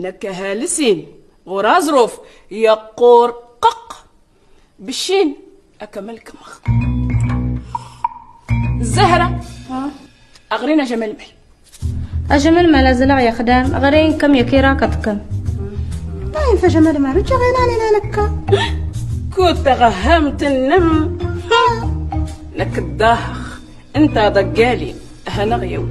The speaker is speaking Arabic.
نكها لسين غرا ظروف يقور قق بالشين أكمل كمخ الزهرة أغرينا جمال محي أجمل أه، ما لازل يا خدام اغرين كم يا كيرا كتكم باين فجمال ما رجع غير علينا نكا كنت غهمت النم لك الداخ انت ضقالي هنا